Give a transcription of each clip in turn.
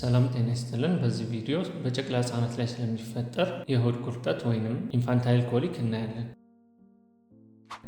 ሰላም ጤና ይስጥልን። በዚህ ቪዲዮ በጨቅላ ህጻናት ላይ ስለሚፈጠር የሆድ ቁርጠት ወይንም ኢንፋንታይል ኮሊክ እናያለን።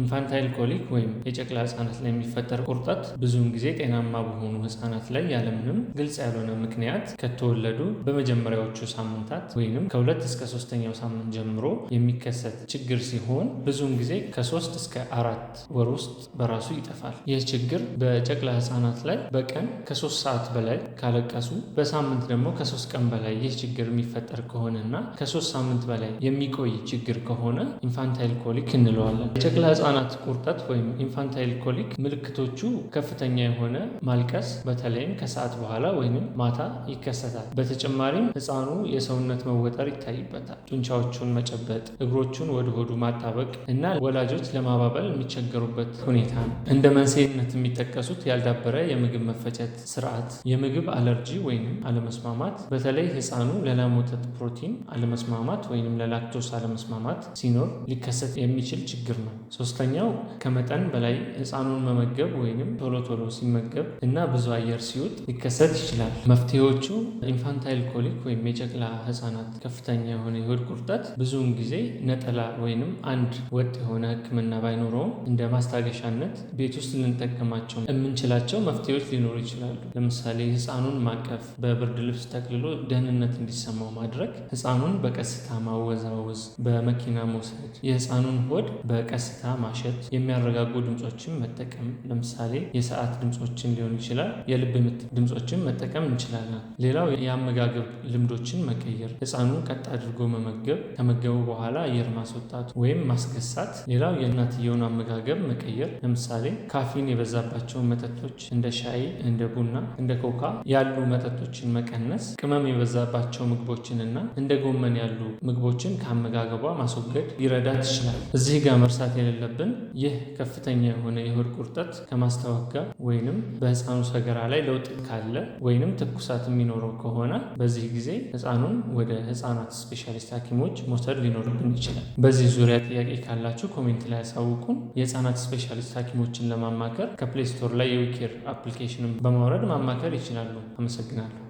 ኢንፋንታይል ኮሊክ ወይም የጨቅላ ህጻናት ላይ የሚፈጠር ቁርጠት ብዙውን ጊዜ ጤናማ በሆኑ ህጻናት ላይ ያለምንም ግልጽ ያልሆነ ምክንያት ከተወለዱ በመጀመሪያዎቹ ሳምንታት ወይም ከሁለት እስከ ሶስተኛው ሳምንት ጀምሮ የሚከሰት ችግር ሲሆን ብዙውን ጊዜ ከሶስት እስከ አራት ወር ውስጥ በራሱ ይጠፋል። ይህ ችግር በጨቅላ ህጻናት ላይ በቀን ከሶስት ሰዓት በላይ ካለቀሱ፣ በሳምንት ደግሞ ከሶስት ቀን በላይ ይህ ችግር የሚፈጠር ከሆነ እና ከሶስት ሳምንት በላይ የሚቆይ ችግር ከሆነ ኢንፋንታይል ኮሊክ እንለዋለን። ከህፃናት ቁርጠት ወይም ኢንፋንታይል ኮሊክ ምልክቶቹ ከፍተኛ የሆነ ማልቀስ በተለይም ከሰዓት በኋላ ወይም ማታ ይከሰታል። በተጨማሪም ህፃኑ የሰውነት መወጠር ይታይበታል። ጡንቻዎቹን መጨበጥ፣ እግሮቹን ወደ ሆዱ ማጣበቅ እና ወላጆች ለማባበል የሚቸገሩበት ሁኔታ ነው። እንደ መንስኤነት የሚጠቀሱት ያልዳበረ የምግብ መፈጨት ስርዓት፣ የምግብ አለርጂ ወይም አለመስማማት፣ በተለይ ህፃኑ ለላም ወተት ፕሮቲን አለመስማማት ወይም ለላክቶስ አለመስማማት ሲኖር ሊከሰት የሚችል ችግር ነው። ሶስተኛው ከመጠን በላይ ህፃኑን መመገብ ወይም ቶሎ ቶሎ ሲመገብ እና ብዙ አየር ሲውጥ ሊከሰት ይችላል። መፍትሄዎቹ ኢንፋንታይል ኮሊክ ወይም የጨቅላ ህፃናት ከፍተኛ የሆነ የሆድ ቁርጠት ብዙውን ጊዜ ነጠላ ወይንም አንድ ወጥ የሆነ ህክምና ባይኖረውም እንደ ማስታገሻነት ቤት ውስጥ ልንጠቀማቸው የምንችላቸው መፍትሄዎች ሊኖሩ ይችላሉ። ለምሳሌ ህፃኑን ማቀፍ፣ በብርድ ልብስ ተክልሎ ደህንነት እንዲሰማው ማድረግ፣ ህፃኑን በቀስታ ማወዛወዝ፣ በመኪና መውሰድ፣ የህፃኑን ሆድ በቀስታ ማሸት የሚያረጋጉ ድምፆችን መጠቀም ለምሳሌ የሰዓት ድምፆችን ሊሆን ይችላል። የልብ ምት ድምፆችን መጠቀም እንችላለን። ሌላው የአመጋገብ ልምዶችን መቀየር፣ ህፃኑን ቀጥ አድርጎ መመገብ፣ ከመገቡ በኋላ አየር ማስወጣት ወይም ማስገሳት። ሌላው የእናትየውን አመጋገብ መቀየር፣ ለምሳሌ ካፊን የበዛባቸውን መጠጦች እንደ ሻይ፣ እንደ ቡና፣ እንደ ኮካ ያሉ መጠጦችን መቀነስ፣ ቅመም የበዛባቸው ምግቦችንና እንደ ጎመን ያሉ ምግቦችን ከአመጋገቧ ማስወገድ ሊረዳ ትችላል። እዚህ ጋር መርሳት የሌለ ያለብን ይህ ከፍተኛ የሆነ የሆድ ቁርጠት ከማስታወክ ጋር ወይንም በህፃኑ ሰገራ ላይ ለውጥ ካለ ወይንም ትኩሳት የሚኖረው ከሆነ በዚህ ጊዜ ህፃኑን ወደ ህፃናት ስፔሻሊስት ሐኪሞች መውሰድ ሊኖርብን ይችላል። በዚህ ዙሪያ ጥያቄ ካላችሁ ኮሜንት ላይ ያሳውቁን። የህፃናት ስፔሻሊስት ሐኪሞችን ለማማከር ከፕሌይ ስቶር ላይ የዊኬር አፕሊኬሽንን በማውረድ ማማከር ይችላሉ። አመሰግናለሁ።